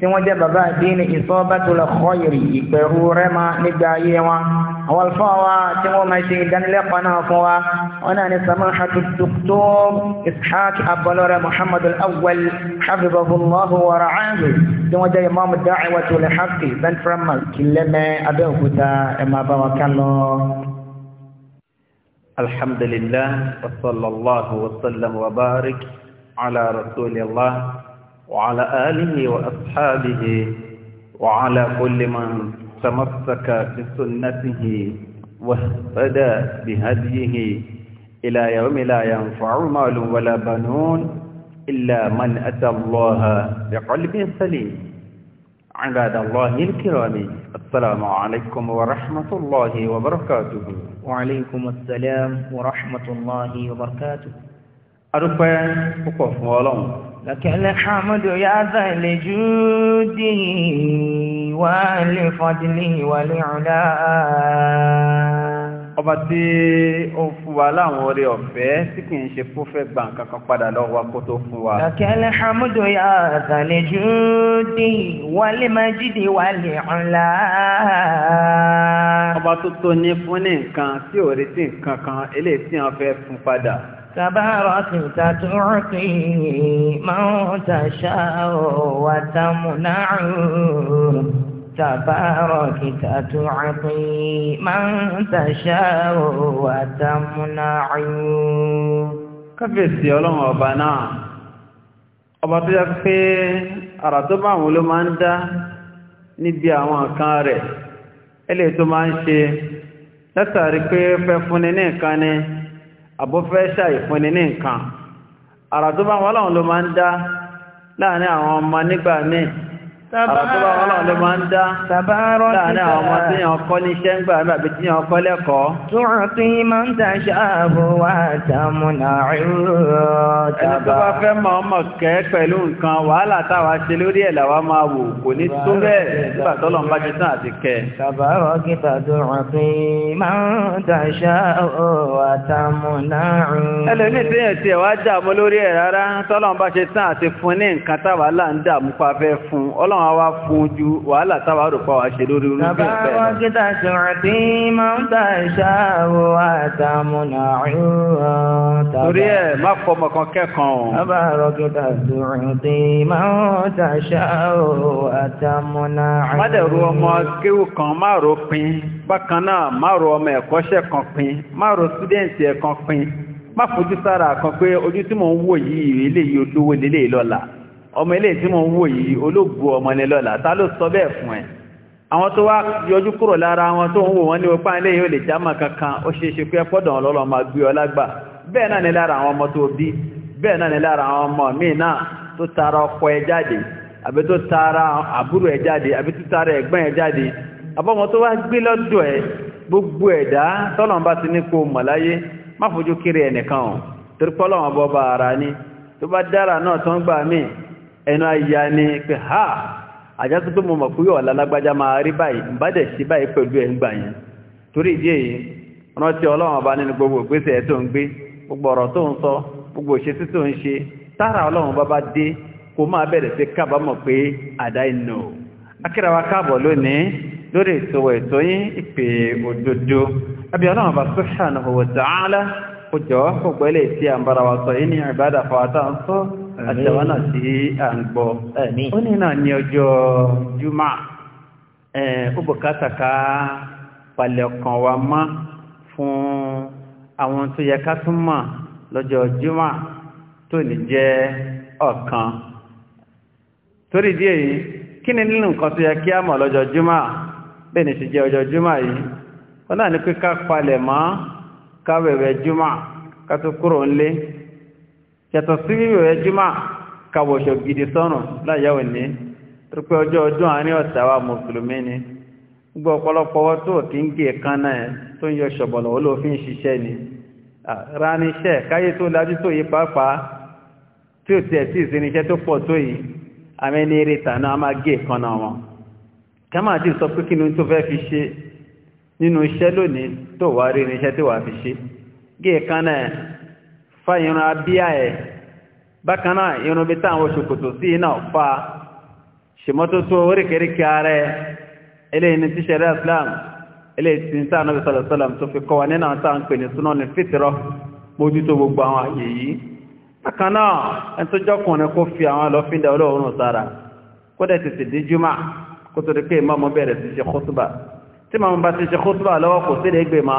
tí wọ́n jẹ́ bàbá àdínì ìsọ́bẹ́tòlẹ̀ kọ́yìrì ìpẹ̀rù rẹ́mà nígbà ayé wa àwọn alfa wa tí wọ́n máa ṣe ìdánilẹ́kọ̀ọ́ náà fún wa wọn náà ní samahatu dr ishaq abọlọrẹ muhammad al-awwal hafizahullahu wa ra'ahu tí wọ́n jẹ́ imam ben haqqi central mosque kìlẹ́mẹ́ abẹ́òkúta ẹ̀ máa bá wa kán lọ. alhamdulillah wa sallallahu wa sallam wa barik ala rasulillah. وعلى آله وأصحابه وعلى كل من تمسك بسنته واهتدى بهديه إلى يوم لا ينفع مال ولا بنون إلا من أتى الله بقلب سليم عباد الله الكرام السلام عليكم ورحمة الله وبركاته وعليكم السلام ورحمة الله وبركاته أرفع وقف ولوم لك الحمد يا ذا الجود والفضل والعلا ọba tí ó fún wa láwọn oore ọ̀fẹ́ tí kìí ṣe fún fẹ́ gbà nǹkan kan padà lọ́wọ́ wa kó tó fún wa. lakal hamdu ya zal judi wal majdi wal ula. ọba tó tó ní fún ní nǹkan tí ò retí nǹkan kan eléyìí tí wọ́n fẹ́ fún padà. تبارك تعطي من تشاء وتمنع تبارك تعطي من تشاء وتمنع kábíyèsí ọlọ́run ọba náà ọba tó yẹ pé àrà tó bá àwọn ló máa ń dá níbi àwọn nǹkan rẹ̀ ẹlẹ́ tó máa ń ṣe látàrí pé fẹ́ fúnni ní nǹkan ni àbúfẹ́ ṣàìfúnni ní nǹkan àrà tó bá wọn lọ́wọ́n ló máa ń dá láàrin àwọn ọmọ nígbà míì Àbàtọ́bà ọlọ́run ló máa ń dá láàrin àwọn ọmọ tí yàn kọ́ ní iṣẹ́ ń gbà àbí tí yàn kọ́ lẹ́kọ̀ọ́. Tóhàn tí máa ń dáṣà ààbò wà tàmùnà ìrò tàbà. Ẹni tó bá fẹ́ mọ ọmọ kẹ́ pẹ̀lú nǹkan wàhálà táwa ṣe lórí ẹ̀ làwa máa wò kò Tàbárọ̀ ọlọ́run àwa fún ojú wàhálà táwà rò pàwà ṣe lórí orí bẹ́ẹ̀ bẹ́ẹ̀. bàbá ta ìṣàwò àtàmúnà má ta ìṣàwò àtàmúnà ìrọ̀tàbà. ro ọmọ kéwù kan má ro pin bákan náà má ro ọmọ ẹ̀kọ́ṣẹ́ kan pin má ro sídẹ̀ǹtì ẹ̀kan pin má fojú sára kan pé ojú tí mò ń wò yìí eléyìí olówó lélẹ́yìí lọ́la ọmọ ilé tí mo ń wò yìí olóògbò ọmọ ni lọ́la ta ló sọ bẹ́ẹ̀ fún ẹ àwọn tó wá yọjú kúrò lára wọn tó ń wò wọ́n ní opá ilé yóò lè jámà kankan ó ṣe é ṣe pé ẹpọ́dọ̀ ọlọ́lọ́ tara ọkọ ẹ tara àbúrò ẹ jáde tara ẹ̀gbọ́n ẹ jáde àbọ́mọ tó wá gbé lọ́dọ̀ ẹ gbogbo ẹ̀dá tọ́lọ̀mbá ti ní kó mọ̀láyé má fojú kiri ẹnìkan ọ̀ torípọ́lọ́wọ́n ẹnu àyà ni pé ha àjásí tó mọ̀ mọ̀ fúyọ̀ ọ̀lálágbájá máa rí báyìí ń bá dẹ̀ sí báyìí pẹ̀lú ẹ̀ ń gbà yẹn torí ìdí èyí ọlọ́run gbogbo ìgbésẹ̀ tó ń gbé gbogbo ọ̀rọ̀ tó ń sọ gbogbo òṣèṣí tó ń ṣe tára ọlọ́run bá bá dé kó máa bẹ̀rẹ̀ sí kábàámọ̀ pé àdá káàbọ̀ lónìí lórí kòjọ́ gbogbo ilé tí a ń bára wa sọ yìí ní ìbádà fàwátà ń sọ àtẹ̀wọ́nà tí a ń gbọ́ ó ní náà ní ọjọ́ jùmọ́ ó e, bùkátà ká palẹ̀ ọkàn wa mọ́ fún àwọn tó yẹ ká tún mọ̀ lọ́jọ́ jùmọ́ tó ní jẹ́ ọ̀kan torí díẹ̀ yìí kí ni nínú nǹkan tó yẹ kí a mọ̀ lọ́jọ́ jùmọ́ bẹ́ẹ̀ ni sì jẹ́ ọjọ́ jùmọ́ yìí ó náà ní pé ká palẹ̀ mọ́ káwẹ̀wẹ̀ jùmọ̀ kátó kúrò ńlé yàtọ̀ sí wíwẹ̀wẹ̀ jùmọ̀ kàwọ̀ṣọ̀ gidi sọ́nù láyàwó ní rúpẹ́ ọjọ́ ọdún àárín ọ̀sẹ̀ wa mùsùlùmí ni gbogbo ọ̀pọ̀lọpọ̀ ọwọ́ tó kí ń gé kánná ẹ̀ tó ń yọ ṣọ̀bọ̀lọ̀ olófin ni rániṣẹ́ káyé tó lájú tó yí pàápàá tí ò tiẹ̀ sí ìsinmiṣẹ́ tó pọ̀ tó yìí àmẹ́ni eré tàná a máa gé kánná ti sọ pé kí ni tó fi ṣe nínú iṣẹ́ lónìí tó wà rí irinṣẹ́ tí wà fi ṣe gé fa irun abíyá ẹ̀ bákaná irun bí táwọn oṣùkòtò sí iná fa ṣèmọ́tótó oríkèríkè ara ẹ̀ eléyìí ní tíṣẹ̀rẹ́ Islam eléyìí tí sáà náà sọ̀rọ̀ sọ́lọ̀ tó fi kọ́ wa nínú àwọn táwọn pè ní súná ní fìtìrọ mójútó gbogbo àwọn àyè yìí bákaná tí ma ń bá ti ṣe kútùbà lọ́wọ́ kò sí ẹgbẹ̀ ma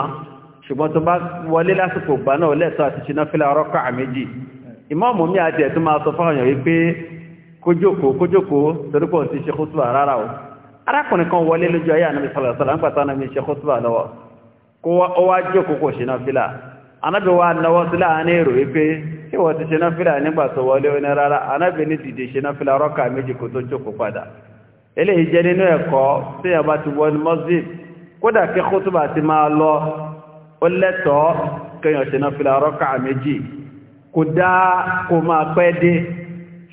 ṣùgbọ́n tó bá wọlé lásìkò gbà náà lẹ́tọ́ àti ṣe náfílà ọ̀rọ̀kọ̀ àméjì ìmáàmù mi àti ẹ̀tún máa sọ fáwọn èèyàn wípé kójókó kójókó torípọ̀ ti ṣe kútùbà rárá o arákùnrin kan wọlé lójú ayé ànábi sọ̀rọ̀sọ̀rọ̀ nígbàtà náà mi ṣe kútùbà lọ́wọ́ kó wá jókòó kò ṣe náfílà ànábi wa náwọ́ ti ṣe náfílà eléyìí jẹ́ nínú ẹ̀kọ́ tí a bá ti wọ́n mọ́síd kódà kí kútùbà ti máa lọ ó lẹ́tọ̀ọ́ kẹyàn ṣe náà fìlà rọ́kà méjì kò dá kò máa pẹ́ dé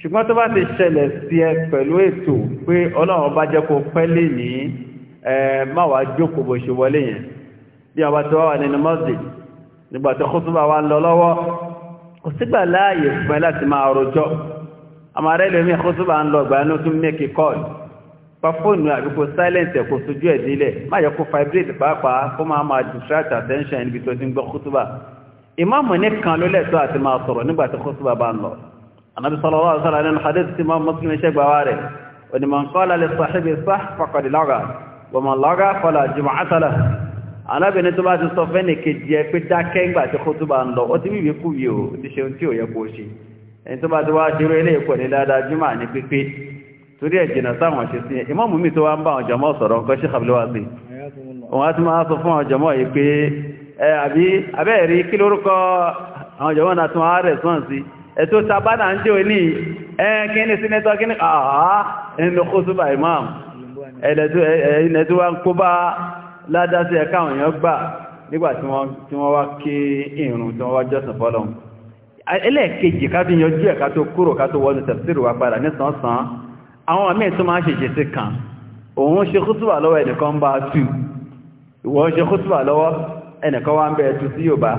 ṣùgbọ́n tó bá ti ṣẹlẹ̀ sí ẹ pẹ̀lú ètò pé ọlọ́run bá jẹ́ kó pẹ́ lè ní ẹ má wàá jókòó bó wà pa fóònù àbíkò silent ẹ̀ kò sojú ẹ̀ nílẹ̀ má yẹ kó vibrate pàápàá kó máa máa distract attention níbi tó ti ń gbọ́ kútúbà ìmáàmù nìkan ló lẹ́tọ́ àti máa sọ̀rọ̀ nígbà tí kútúbà bá ń lọ Ànábì sallallahu alaihi wasallam nínú hadith tí máa Muslim ṣe gbà wá rẹ̀ òní man qala li sahibi sah faqad lagha wa man lagha fala jum'ata lahu Ànábì ní tó bá ti sọ fẹ́ni kejì ẹ pé dákẹ́ ńgbà tí kútúbà ń lọ ó ti wíwí kú yìí ó ti ṣe ohun tí ò yẹ kó ṣe ẹni tó bá ti wá ṣeré ilé ìkọ̀ ní dáadáa jùmọ̀ ní pípé torí ẹ̀jìnà sáwọn ṣe sí ìmọ́mù mi tó wá ń bá àwọn jọmọ́ sọ̀rọ̀ nǹkan ṣe kàbílọ́wà sí òun á ti máa sọ fún àwọn jọmọ́ yìí pé ẹ àbí abẹ́ẹ̀rí kí lórúkọ àwọn imam ẹ̀lẹ́ tó wá ń kó bá ládá sí ẹ̀ka àwọn èèyàn gbà nígbà tí wọ́n wá kí ìrùn tí wọ́n wá jọ́sìn fọ́lọ́hun ẹlẹ́ẹ̀kejì ká fi yanjú ẹ̀ka tó kúrò ká tó wọ́n tẹ̀síìrì wá padà nísànsán àwọn àmì tó máa ṣèṣe sí kan òun ṣe kútùwà lọ́wọ́ ẹnìkan bá tú ìwọ ṣe kútùwà lọ́wọ́ ẹnìkan wá ń bẹ̀ẹ́ tú sí yóò bá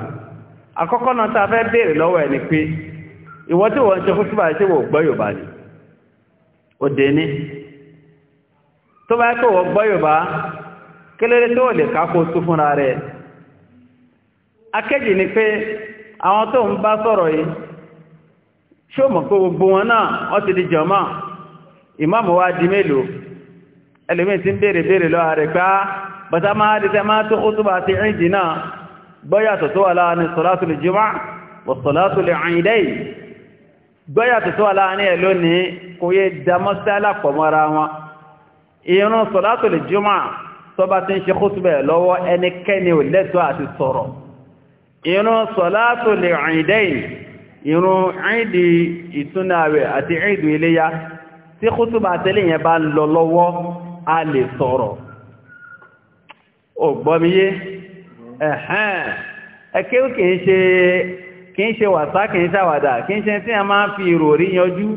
àkọ́kọ́ náà ta fẹ́ bèèrè lọ́wọ́ ẹni pé ìwọ tí wọ́n ṣe kútùwà ṣe wò gbọ́ Yorùbá ni òdè ní tó bá kó wọ́n gbọ́ Yorùbá kéléré tó lè kákó tú fúnra rẹ̀ akéjì ni pé àwọn tó ń bá sọ̀rọ̀ yìí ṣó mọ̀ pé gbogbo wọn náà wọ́n ìmáàmù wa di mélòó ẹlòmíì ti ń béèrè béèrè lọ ààrẹ gbá bàtà máa di tẹ́ máa tó kó túbà àti ìjì náà gbọ́yàtọ̀ tó wà láàrin sọ̀látù lè jímá wà sọ̀látù lè àìdẹ́ yìí gbọ́yàtọ̀ tó wà láàrin ẹ̀ lónìí kò yé damọ́sálà pọ̀ mọ́ra wọn ìrún sọ̀látù lè jímá tó ìrún sọ̀látù lè àìdẹ́ àti ìdí iléyá tí kútùbà tẹ́lẹ̀ yẹn bá lọ lọ́wọ́ a lè sọ̀rọ̀ ò gbọ́míyé ẹ̀hẹ́n ẹ̀kẹ́ ò kìí ṣe kìí ṣe wàsá kìí ṣàwàdà kìí ṣe tí a máa fi ìròrí yanjú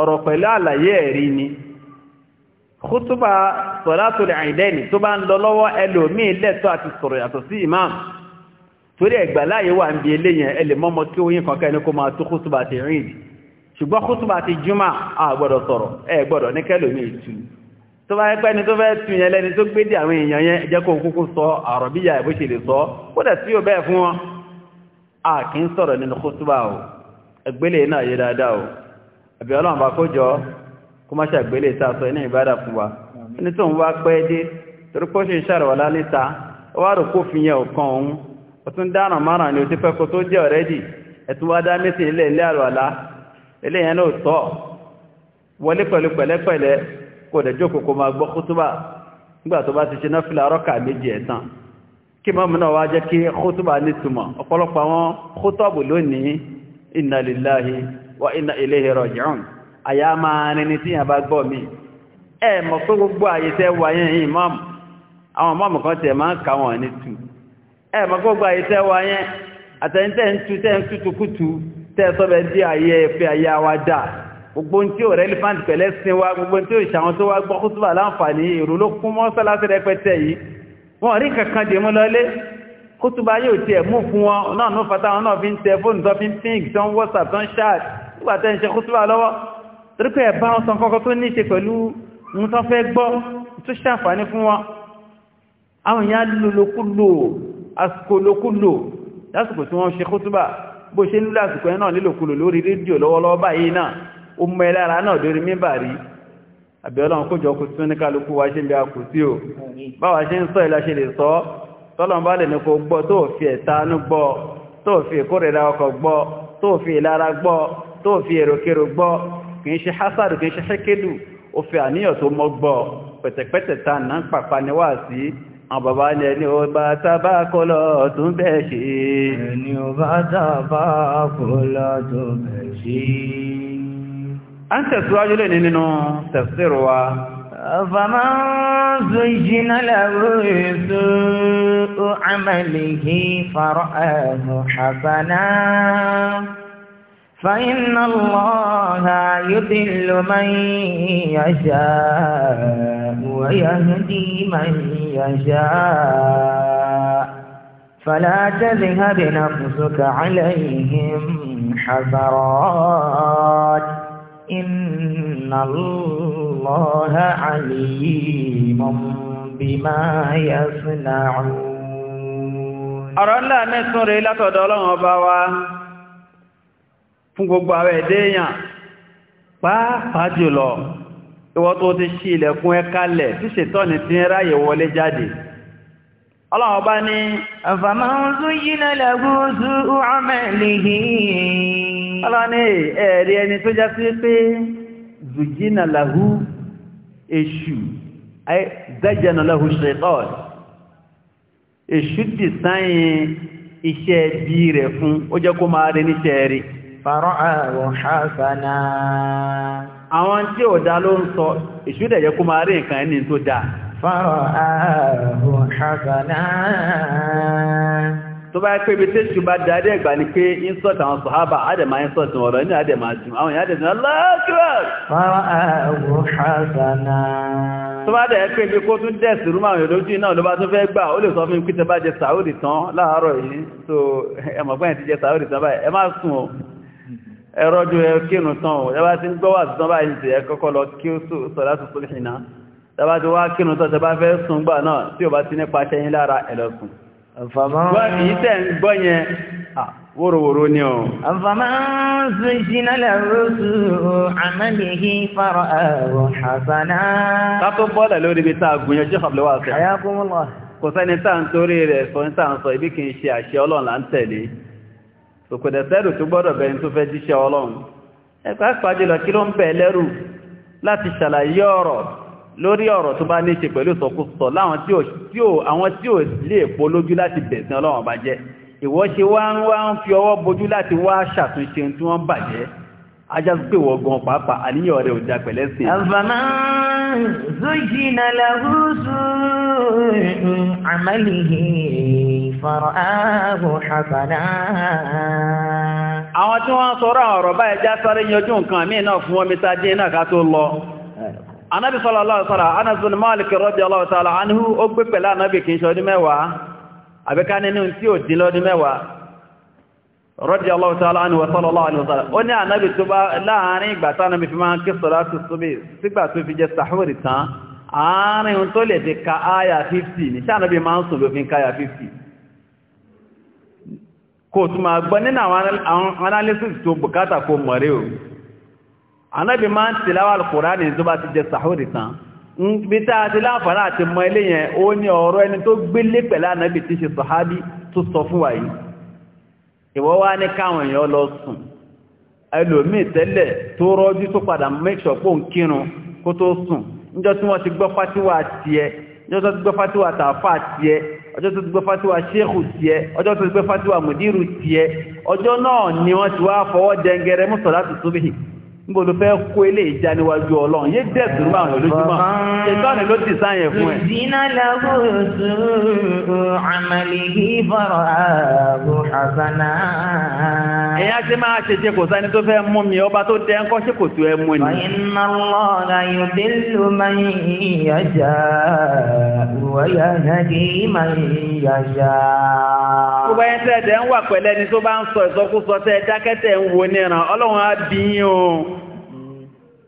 ọ̀rọ̀ pẹ̀lú àlàyé ẹ̀rí ni kútùbà tó bá ń lọ imam torí ẹ̀gbà láyé wà ń bi eléyìn ẹlẹ́mọ́mọ́ tí ó yín kankan ẹni ṣùgbọ́n kútùbà ti jùmọ̀ àgbọ̀dọ̀ sọ̀rọ̀ ẹ gbọ́dọ̀ ní kẹ́lò ní ìtù tó bá ẹgbẹ́ ni tó fẹ́ tún yẹn lẹ́ni tó gbé dé àwọn èèyàn yẹn jẹ́ kó kúkú sọ àrọ̀bíyà ẹ̀bó ṣe lè sọ kódà tí ó bẹ́ẹ̀ fún wọn a kì ń sọ̀rọ̀ nínú kútùbà o ẹgbélé náà yé dáadáa o àbí ọlọ́run bá kó jọ kó wa ẹni tó ń wá pẹ́ dé torí pé ni ó ti fẹ́ kó tó jẹ́ ọ̀rẹ́dì eléyẹn náà tọ́ wọlé pẹ̀lú pẹ̀lẹ́pẹ̀lẹ́ kò dẹ̀ jókòó kó máa gbọ́ kútúbà nígbà tó bá ti ṣe náà fìlà rọ́kà méjì ẹ̀tàn kí mọ́mù náà wá jẹ́ kí kútúbà nítumọ̀ ọ̀pọ̀lọpọ̀ àwọn kútọ́bù lónìí inna lillahi wa inna ilayhi raji'un àyà máa rin ní tíyàn bá gbọ́ tẹ́ẹ̀sọ́bẹ̀ dí ayé ẹ̀fẹ́ ayé àwádà gbogbo tí ó relevant pẹ̀lẹ́ sin wa gbogbo tí ó ìṣàwọn tó wá gbọ́ kútùbà láǹfààní èrò ló kún mọ́sálásí rẹpẹtẹ yìí wọ́n rí kankan dè mú lọlé kútùbà yóò tiẹ̀ mú fún wọn náà ní fata wọn náà fi ń tẹ fóònù tó fi ń ping tó ń whatsapp tó ń chat nígbà tẹ́ ń ṣe kútùbà lọ́wọ́ torí pé bó ṣe ń lásìkò ẹ̀ náà nílòkulò lórí rédíò lọ́wọ́lọ́wọ́ báyìí náà ó mọ ẹlára náà lórí mímbà rí àbẹ̀ọ́lọ́run kójọ kú tún ní kálukú wa ṣe ń bí o báwa ṣe ń sọ ìlà lè sọ tọ́lọ̀mbá lè kò gbọ́ tó fi ẹ̀tanú fi fi fi àbàbá lẹ ní o bá tábà kọlọ tún bẹ̀ ṣe ní o bá tábà kọlọ tún bẹ̀ ṣe a ń tẹ̀síwájú lè nínú tafsiru wa ọ̀fàmá zojina lẹ́rọ̀ẹ́sọ àmàlìhì fara'ahu hasana فإن الله يضل من يشاء ويهدي من يشاء فلا تذهب نفسك عليهم حسرات إن الله عليم بما يصنعون أرى الله نسر لك دولهم بواه fún gbogbo àwọn ẹ̀dẹ́ èèyàn pàápàá jùlọ ìwọ tó ti ṣí ilẹ̀kùn ẹ kalẹ̀ tí ṣètọ́ni ti ń ráyè wọlé jáde ọlọ́wọ́ bá ní àfàmà ń zú yínà lẹ́gúúzú ọmọlìhì ọlọ́ni ẹ̀rí ẹni tó já sí pé zùjínà lẹ́gú èṣù dìsáyìn iṣẹ́ bí rẹ̀ fún ó jẹ́ kó máa rí níṣẹ́ rí fara'ahu hasana àwọn tí ò dá ló ń sọ ìṣúdẹ̀ yẹ kó máa rí nǹkan ẹni tó dá fara'ahu hasana tó bá pé ibi tí ṣù bá dáadé ẹgbà ní pé insult àwọn sọ̀hábà adẹ̀má insult ọ̀rọ̀ ní adẹ̀má jù àwọn èèyàn adẹ̀má lọ́kìrọ̀ fara'ahu hasana tó bá dẹ̀ pé ibi kó tún dẹ̀sì so ẹmọ̀gbọ́n ti jẹ sàúrì tán báyìí ẹ̀rọ́jú ẹ kínú tán ò ẹbá tí ń gbọ́wà tán bá ìsẹ̀ ẹ̀kọ́kọ́ lọ kí ó sọ̀rọ̀ tó lè ṣìnà tàbá tí wá kínú tán tàbá fẹ́ sùn gbà náà tí ò bá ti nípa ṣẹyìn lára ẹ̀lọ́sùn wórówóró ní ọ. Àfàmá ṣùjìnà lẹ́rọ́sù àmàlìhí fara ẹ̀rọ ṣàṣánà. Kátó bọ́ọ̀lẹ̀ lórí ibi tá gúnyẹjú ọ̀pọ̀lọ́wà sí. Àyàkúnmọ́lá. Kò sẹ́ni tá ń torí rẹ̀ sọ ní ń sọ ibi kìí ṣe àṣẹ ọlọ́run tẹ̀lé òkòdẹ̀ sẹ́rù tó gbọ́dọ̀ bẹ̀yìn tó fẹ́ jíṣẹ́ ọlọ́run ẹ̀kọ́ àpàjùlọ kí ló ń bẹ̀ lẹ́rù láti ṣàlàyé ọ̀rọ̀ lórí ọ̀rọ̀ tó bá níṣe pẹ̀lú sọkúsọ láwọn tí ò lè pò lójú láti bẹ̀sìn ọlọ́run فرآه حسنا àwọn tí wọ́n sọ̀rọ̀ ọ̀rọ̀ báyìí já sáré yanjú nǹkan mí náà fún omi tàbí náà ká tó lọ anábi sallallahu alaihi anhu ó gbé pẹ̀lá anábi kìí ṣe ọdún mẹ́wàá àbíká nínú tí ò dín lọ́dún anhu wa sallallahu alaihi wasallam ó ní anábi tó bá láàárín ìgbà tánábi fi máa ń kí salatu subhi sígbà tó fi jẹ sàhúrì tán lè ti ka áyà 50 ní sáànábi máa ń sùn lófin káyà 50 kò tún máa gbọ́ nínú àwọn analysis tó bùkátà kò mọ̀rí o anábì máa ń tìláwà alkùránì tó bá ti jẹ sàhóòrì tán bí tá a ti láǹfààní àti mọ ilé yẹn ó ní ọ̀rọ̀ ẹni tó gbélé pẹ̀lú anábì tí ṣe sàhábí tó sọ fún wa yìí ìwọ wá ní káwọn èèyàn ọjọ́ tó ti gbé fátíwà ṣéèkù tiẹ̀ ọjọ́ tó ti gbé fátíwà mùdírù tiẹ̀ ọjọ́ náà ni wọ́n ti wá fọwọ́ dẹngẹrẹ mú sọ̀látù súbìhì gbogbo fẹ́ kó ilé ìjà ọlọ́run yé dẹ̀sùn máa rẹ̀ lójúmọ́ ṣetọ́nì ló ti sáyẹ̀ fún ẹ̀. ìdínà lágbóòsù àmàlì ìbọ̀rọ̀ ààbò àbànà. èyàn ṣe máa ṣe kò sani tó fẹ́ mú mi ọba tó dẹ́ ńkọ́ kò tó ẹ mú ẹni tẹ́ ẹ̀dẹ̀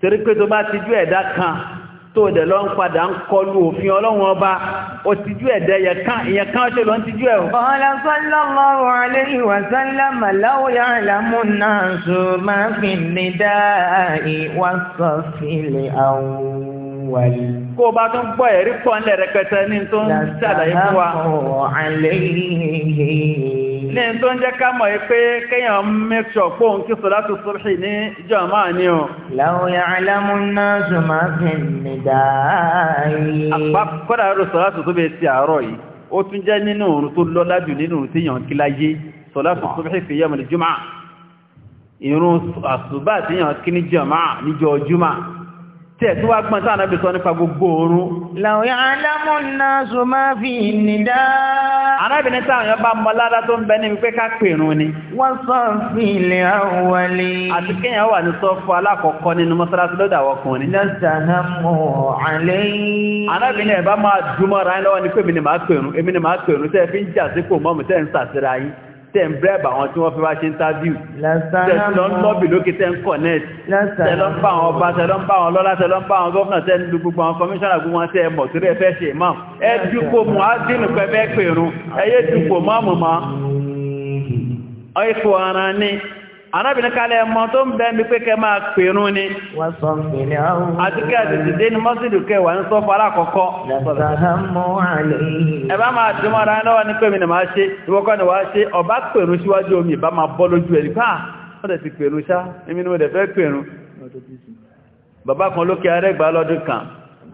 torí pé tó bá ti jú ẹ̀dá kan tó dẹ̀ lọ ń padà ń kọlu òfin ọlọ́run ọba ó ti jú ẹ̀dẹ́ ìyẹn kán ṣe lọ ń ti jú ẹ̀ o. ọ̀la sallallahu alayhi wa sallam law ya'lamu an-nasu fi nida'i was-safil awwal. kó o bá tún gbọ́ ẹ̀rí pọ̀ ńlẹ̀ rẹpẹtẹ ní tó ń ṣàlàyé fún wa ní tó ń jẹ́ ká mọ̀ pé kéèyàn make sure pé òun kí sọ́látù subhi ní jàmáà ní o. law ya'lamu an-nasu ma fi nidaa'i. àpá kọ́dà rẹ̀ sọ́látù tó bẹ̀ ti àárọ̀ yìí ó tún jẹ́ nínú òun tó lọ́lá jù nínú òun tí yàn kí láyé sọ́látù subhi fi yawm al-jum'a ìrun àsùbá tí yàn kí ní jàmáà níjọ́ jùmọ̀ tẹ̀ tó wá gbọ́n tánà bí sọ nípa gbogbo oorun. Law ya'lamu an-nasu ma fi an-nida. Arábìnrin táwọn yọ bá mọ ládá tó ń bẹ níbi pé ká pèrún ni. Was-safil awwali. Àti kéèyàn wà ní sọ́fọ́ alákọ̀ọ́kọ́ nínú mọ́sálásí lọ́dọ̀ àwọn ọkùnrin. Lọ́sànámù àlẹ́. Arábìnrin ẹ̀ bá máa dúmọ́ra ẹ̀ lọ́wọ́ ní pé èmi ni màá pèrún, èmi ni màá pèrún tẹ́ fi ń jà sípò tẹ́ ń brẹ́bà àwọn tí wọ́n fẹ́ bá ṣe ń tábíù tẹ́lọ ń lọ́bì lókè tẹ́ ń kọ̀nẹ́t tẹ́lọ ń bá àwọn ọba tẹ́lọ ń bá àwọn lọ́lá tẹ́lọ ń bá àwọn gọ́fìnà tẹ́ ń lu gbogbo àwọn kọmíṣánná gbogbo wọn tẹ́ mọ̀ torí ẹfẹ́ ṣe máa ẹ dúpò mú ádínù pẹ́fẹ́ pèrún ẹyẹ dúpò máàmù máa ọ̀ẹ́kọ̀ ara ní arábìnrin kalẹ̀ ẹmọ tó ń bẹ́ mi pé kẹ máa pèrún ni àti kí àtìtì dé ní mọ́sílù kẹwàá ní sọ́fà alákọ̀ọ́kọ́ ẹbá máa tí mọ́ ara ẹlọ́wà ní pèmí ni máa ṣe ìwọ́kọ́ ni wàá ṣe ọba pèrún síwájú omi ìbá máa bọ́ lójú ẹ̀rí pàá ah, wọ́n ti pèrún ṣá èmi ni mo dẹ̀ fẹ́ pèrún bàbá kan lókè arẹ́gbà lọ́dún kan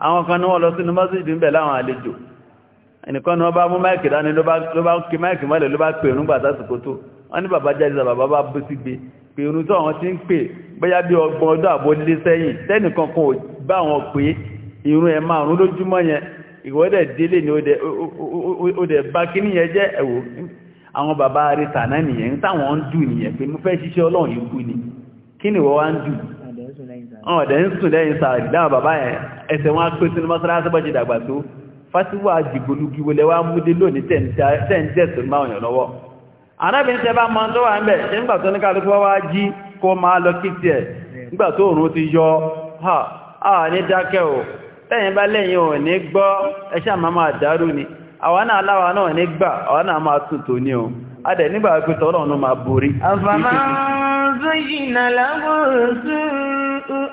àwọn kan ní wọ́n lọ sínú mọ́sílù ń bẹ̀ láwọn àlejò ẹnìkan ni wọ́n bá mú máìkì dání ló bá kí máìkì mọ́lẹ̀ ló bá pèrún gbà sásìkò tó wọ́n ní bàbá jáde bàbá bá bó sígbe pé irun tó àwọn ti ń pè bóyá bí ọgbọ̀n ọdún àbò lé sẹ́yìn tẹ́nìkan kan ò bá wọn pé irun ẹ̀ márùn lójúmọ́ yẹn ìwọ́dẹ̀ délé ni ó dẹ̀ bá kíní yẹn jẹ́ ẹ̀wò àwọn bàbá rí tàná nìyẹn táwọn ń dù nìyẹn pé mo fẹ́ ṣiṣẹ́ ọlọ́run yìí ni kí ni wọ́n wá ń dù àwọn ọ̀dẹ̀ ń sùn lẹ́yìn sàárì dáwọn bàbá yẹn ẹsẹ̀ wọn á pé sínú mọ́sálásí bọ́jì arábìnrin bụ bá ma tó wà ń bẹ̀ ṣe nígbà tó ní kálùkù wá jí kó máa lọ kí ha a ní dákẹ́ ò bá lẹ́yìn ò ní gbọ́ ẹṣẹ́ ni náà náà ní gbà náà máa tuntò o nígbà pẹ́tọ́ ọlọ́run máa borí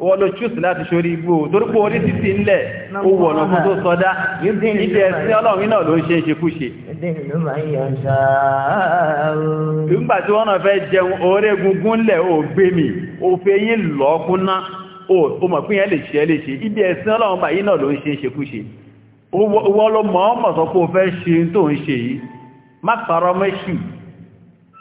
wọ́n ló ṣúùsì láti ṣorí igbó torípò orí títí nle ó ọ̀nà fún tó sọdá ìdí ẹ̀sìn ọlọ́run náà ló ń ṣe ṣekúṣe. nígbà tí wọ́n náà fẹ́ jẹun egungun gbé mi fẹ́ o mọ̀ lè ṣe o fẹ́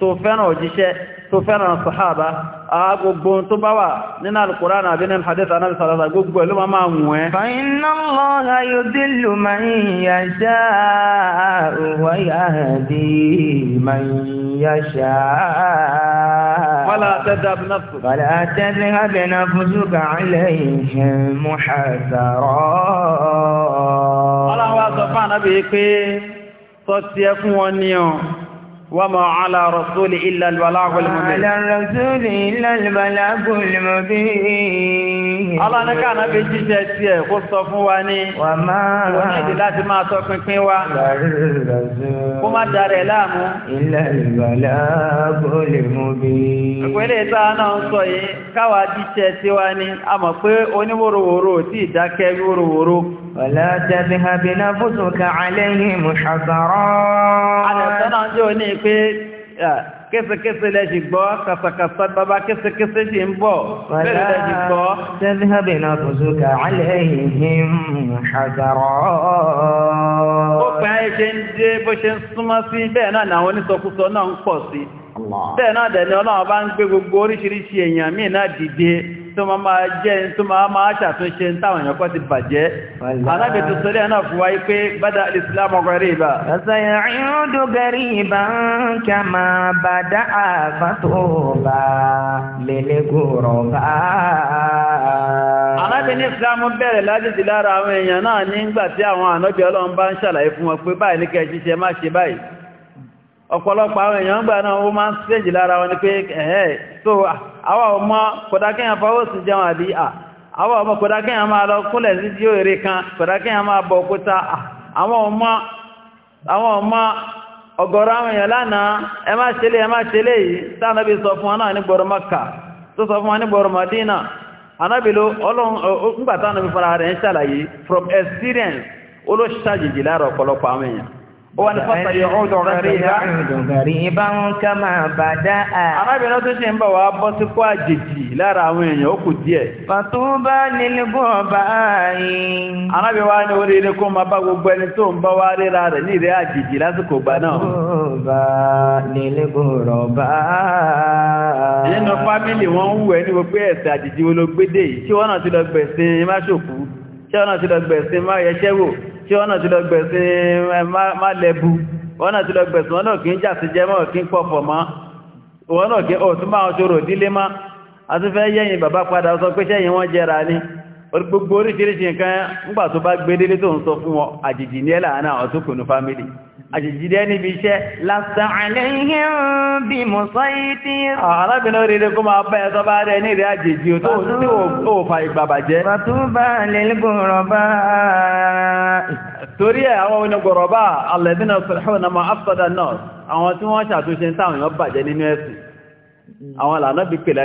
tó fẹ́ràn òjíṣẹ́ tó fẹ́ràn sàhábà a gbogbo tó bá wà nínú alkùránà àbí nínú hadith anábi sàrásà gbogbo ẹ̀lú máa máa wùn ẹ́. fa inna Allaha yudillu man yasha'u wa wọn ní ọ وما على رسول إلا البلاغ المبين على رسول إلا البلاغ المبين Alánúkà náà fi jíṣẹ́ sí ẹ̀ kó sọ fún wa ní onídì láti máa sọ pínpín wa. Kó má darẹ̀ láàmú. Ilẹ̀ ìgbàlá kó lè mú bí. Ìpínlẹ̀ ìta náà ń sọ yìí káwa jíṣẹ́ sí wa ní. A mọ̀ pé oníwòròwòrò tí ìdákẹ́ wòròwòrò. Wàlá tẹ́bí ha bí náà fún késekése lẹ ṣì gbọ́ kàsàkàsà bàbá késekése ṣì ń bọ̀ bẹ́ẹ̀ lẹ ṣì gbọ́. tẹ́lifíhàbì náà tó so ká aláìhìn àgàrọ̀. ó pẹ́ ayé ṣe ń dé bó ṣe ń súnmọ́ sí bẹ́ẹ̀ náà làwọn onísọkúsọ náà ń pọ̀ sí. bẹ́ẹ̀ náà dẹ̀ ni ọlọ́run bá ń gbé gbogbo oríṣiríṣi èèyàn míì náà dìde tó máa máa jẹ́ tó máa máa ṣàtúnṣe táwọn èèyàn kọ́ ti bàjẹ́ alábẹ̀tò sọ́lẹ̀ náà fún wáyé pé bada islam ghariba sayaudu ghariban kama bada fatuba lil ghuraba alábẹ̀ní islam bẹ̀rẹ̀ láti lára àwọn èèyàn náà nígbà tí àwọn ànábì ń ṣàlàyé ọ̀pọ̀lọpọ̀ àwọn èèyàn gbà náà ó máa ń sẹ́jì lára wọn ni pé ẹ̀ẹ́ so àwọn ọmọ kọ̀dákẹ́yàn fọwọ́ sí jẹun àbí àwọn ọmọ kọ̀dákẹ́yàn máa lọ kúnlẹ̀ sí tí ó èrè kan kọ̀dákẹ́yàn máa bọ òkúta àwọn ọmọ ọgọ̀rọ̀ àwọn èèyàn lánàá wọ́n fọ́tọ̀ yọ̀ọ́dọ̀ rẹ̀ríbá. rẹ̀ríbá ń ká máa bà dáa. arábìnrin tó ṣe ń bọ̀ wá bọ́ sí kó àjèjì lára àwọn èèyàn ó kù díẹ̀. pàtó bá nílé bọ́ báyìí. arábìnrin wa ní oríire kó máa bá gbogbo ẹni tó ń bá wá ríra rẹ̀ ní ìrẹ́ àjèjì lásìkò gbà náà. pàtó bá nílé bọ́ rọ̀bá. nínú tí wọ́n náà ti lọ gbẹ̀sẹ̀ má lẹ́bu wọ́n náà ti lọ gbẹ̀sẹ̀ wọ́n náà kí ń jàsí jẹ́ mọ́ kí ń pọ̀fọ̀ mọ́ wọ́n náà kí ó tún máa ṣòro dílé má a tún fẹ́ yẹ́yìn bàbá padà sọ pé ṣẹ́yìn wọ́n jẹ́ra ní gbogbo oríṣiríṣi nǹkan ńgbà tó bá gbédélé tó ń sọ fún wọn àjèjì ní ẹ̀là àná àwọn tó kùnú fámílì àjèjì dẹ́ níbi iṣẹ́ lásán àlẹ́yìn bí mo sọ yìí tí alábìnrin oríire kó máa bá ẹ̀sọ́ bá rẹ̀ ní ìrẹ́ àjèjì tó ò fa ìgbà bàjẹ́ torí ẹ̀ àwọn onígbọ̀rọ̀bá alẹ́bìnà sọ̀rọ̀hùn àmọ́ afsada náà àwọn tí wọ́n ṣàtúnṣe táwọn èèyàn bàjẹ́ nínú ẹ̀sìn àwọn lànà bí pèlè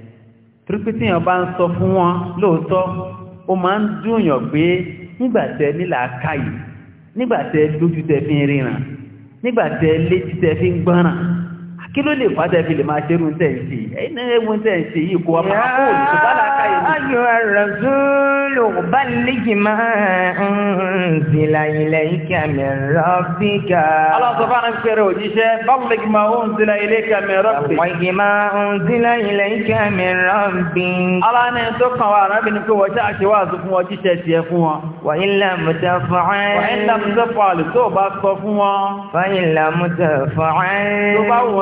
torípé tí èèyàn bá ń sọ fún wọn lóòótọ́ ó máa ń dùnyàn pé nígbàtẹ nílàákàyè nígbàtẹ lójú tẹ fi ń ríran nígbàtẹ létí tẹ fi ń gbọ́ràn kí ló lè fàtẹ́ fi lè máa ṣerú tẹ́ǹsì ń zìlà ilẹ̀ ìkàmì rọ́bìkà. ń zìlà ilẹ̀ ìkàmì rọ́bì. wàjì tó kàn wá arábìnrin pé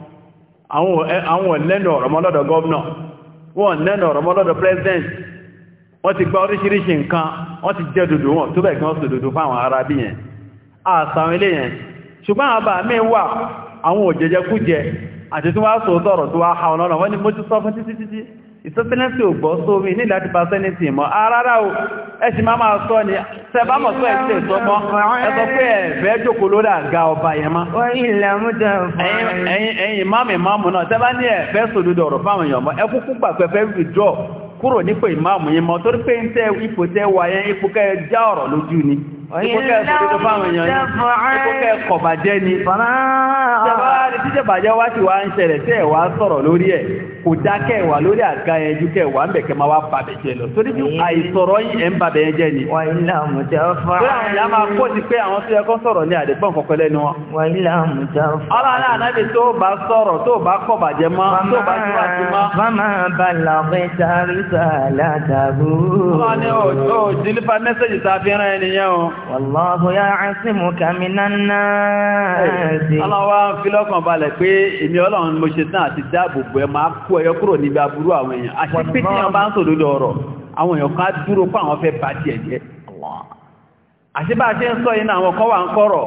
àwọn eh, lẹ́nu ọ̀rọ̀ mọ́lọ́dọ̀ gọ́ọ̀nà wọ́n lẹ́nu ọ̀rọ̀ mọ́lọ́dọ̀ president wọ́n ti gba oríṣiríṣi nǹkan wọ́n ti jẹ́ dòdò wọn tó bẹ̀ kí wọ́n sọ dòdò fáwọn ará bí yẹn àsàwọn ilé yẹn ṣùgbọ́n àbà mí wà àwọn òjẹjẹ kú àti tí wọ́n á tó wá ìsọ́sílẹ́sì ò gbọ́ só mi ní láti bá sẹ́nìtì mọ́ arára ah, o ẹ̀ṣì máa máa sọ ni sẹ́bámọ̀ sọ ẹ̀ṣì ìsọ́mọ́ ẹ̀sọ́ pé ẹ̀fẹ́ jókòó lórí àga ọba yẹn má ẹ̀yìn máàmì máàmù náà tẹ́bá ní ẹ̀fẹ́ sòdúdọ̀ ọ̀rọ̀ fáwọn èèyàn mọ́ ẹkúkú pàpẹ́ fẹ́ withdraw kúrò nípò ìmáàmù yẹn mọ́ torí pé ń tẹ́ ipò tẹ́ ìkókẹ́ ìfòdodo fáwọn èèyàn ní ìkókẹ́ kọ̀bàjẹ́ ni ṣẹ̀báàrí tí ṣẹ̀bàjẹ́ wá ti wá ń ṣẹlẹ̀ tẹ́ ẹ̀wà sọ̀rọ̀ lórí ẹ̀ kò dá kẹwà lórí àga yẹn ju kẹwà ń bẹ̀ kẹ́ máa wá bàbẹ̀ jẹ lọ torí ju àìsọ̀rọ̀ yìí ẹ̀ ń bàbẹ̀ yẹn jẹ ni. wàhálà mùtá fà á. torí àwọn ìyá máa kó ti pé àwọn tó yẹ kó sọ̀rọ̀ ní àdégbọ́n kọ̀kọ́ lẹ́nu wọn. wàhálà mùtá fà á. ọlọ́run ànábì tó bá sọ̀rọ̀ tó bá kọ̀ bàjẹ́ mọ́ tó bá tó bá ti mọ́. bàmá bala bẹ́ta rísà látàbù. ọlọ́run ni ò Wàláhù yá àṣìmù kàmínà náà sí. Ọlọ́wọ́ fi lọ́kàn balẹ̀ pé èmi ọlọ́run mo ṣe tán àti dáàbòbò ẹ máa kú ẹyọ kúrò níbi aburú àwọn èèyàn. Àṣìpé tí wọ́n bá ń sòdodo ọ̀rọ̀, àwọn èèyàn kan dúró kó àwọn fẹ́ bá tiẹ̀ jẹ́. Àṣìbá ṣe ń sọ yìí náà àwọn kọ́ ń kọ́rọ̀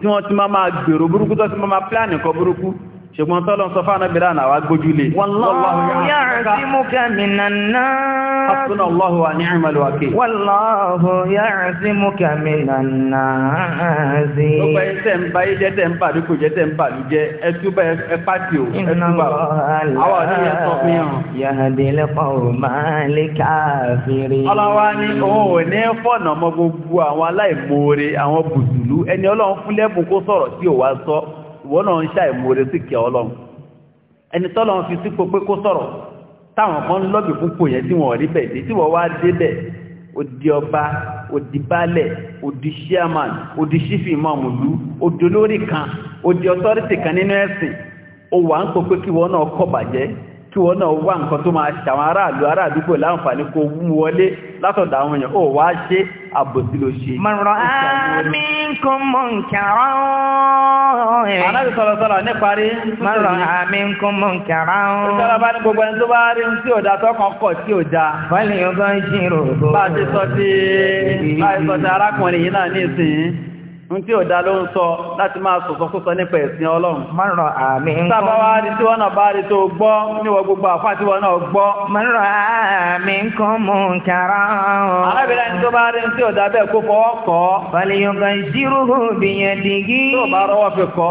tí wọ́n ti máa gbèrò burúkú tó ti máa pílánì kọ burúkú ṣùgbọ́n tọ́lọ sọ fánà bí ránà wá gbójú lè wallahu ya'simuka minan nas hasbuna Allahu wa ni'mal wakeel wallahu ya'simuka minan nas ó bá ẹsẹ̀ ń bá ẹjẹ́ tẹ́ ń bà ní kò jẹ́ tẹ́ ń bà ní jẹ́ ẹtúbà ẹpàtì ò ẹtúbà àwọn ọdún yẹn sọ fún yàn. yahdil qawmal kafirin. ọlọ́wà ni òun ò ní fọ̀nà mọ gbogbo àwọn aláìmoore àwọn bùtùlù ẹni ọlọ́run fúnlẹ́bùn kó sọ̀rọ̀ tí ò wá sọ wọ́n náà ń ṣàìmòrè sí kẹ ọlọ́run ẹni tọ́lọ́run fi sípò pé kó sọ̀rọ̀ táwọn kan lọ́bì púpọ̀ yẹn tí wọ́n rí bẹ̀ dé tí wọ́n wá débẹ̀ odi ọba odi baálẹ̀ odi chairman odi chief imamulu odi olórí kan odi authority kan nínú ẹ̀sìn ó wà ń pọ̀ pé kí wọ́n náà kọ́ bàjẹ́ kí wọ́n náà wá nǹkan tó máa ṣàwọn aráàlú aráàdúgbò láǹfààní kó mú wọlé látọ̀dá àwọn èèyàn ó wá ṣe àbòsí ló ṣe. mọ̀rọ̀ àmì kò mọ̀ nkàrà ọ̀hún. anábì sọ̀rọ̀ sọ̀rọ̀ ní parí. mọ̀rọ̀ àmì kò mọ̀ nkàrà ọ̀hún. ìṣọ́ra bá ní gbogbo ẹni tó bá rí tí ò da tọkàn kọ̀ tí ò da. fọ́lì yóò gbọ́ jíròrò. bá a ti sọ ti arákùnrin yìí náà ní ìsìn ń ò dá ló sọ láti máa sọ̀sọ̀kúsọ nípa ẹ̀sìn ọlọ́run. mọ́rọ̀ àmì ń kọ́. sábà wá tí wọ́n náà bá rí tó gbọ́ níwọ̀ gbogbo àfá tí wọ́n náà gbọ́. mọ́rọ̀ àmì ń kọ́ mú un kára. arábìnrin tó bá rí tí ò dá bẹ́ẹ̀ kó fọwọ́ kọ́. fàlẹ́yọ̀gà ìṣirò bìyàn dìgí. tó bá rọwọ́ fi kọ́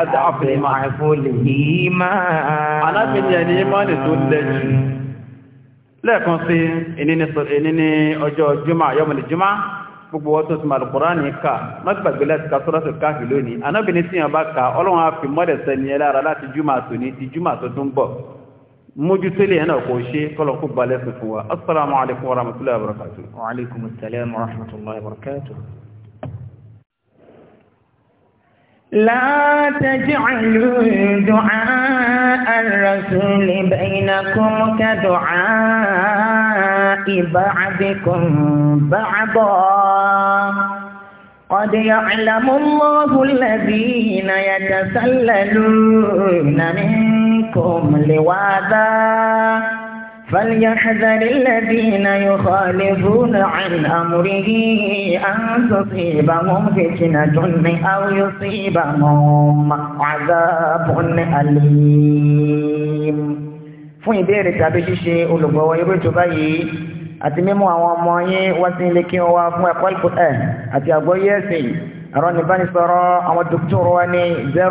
àdáàfẹ́ máa fólè yìí máa. alábìnrin ẹni ìmọ́ni tó lẹ́jù lẹ́ẹ̀kan sí ẹni ní ọjọ́ jùmọ́ yọmọlẹ̀ jùmọ́ gbogbo wọ́n tó ti máa ní ká mọ́gbàgbé láti ká káàkì lónìí anábìnrin tí أنا وكوشي كل قبة لا السلام عليكم ورحمة الله وبركاته وعليكم السلام لا تجعلوا دعاء الرسول بينكم كدعاء بعضكم بعضا قد يعلم الله الذين يتسللون منكم لواذا فليحذر الذين يخالفون عن أمره أن تصيبهم فتنة أو يصيبهم عذاب أليم fún ìbéèrè tàbí ṣíṣe olùgbọ̀wọ́ irú ètò báyìí àti mímú àwọn ọmọ yín wá sí ilé kí wọ́n wá fún ẹ̀kọ́ ẹ̀ àti àgbọ́yé ẹ̀sìn ẹ̀rọ níbánisọ̀rọ̀ àwọn dókítọ̀rọ̀ wa ní 080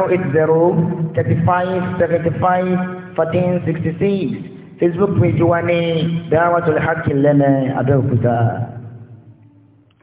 35 75 14 66 facebook page wa ní dáwàtò lẹ́hàkì lẹ́nà abẹ́òkúta.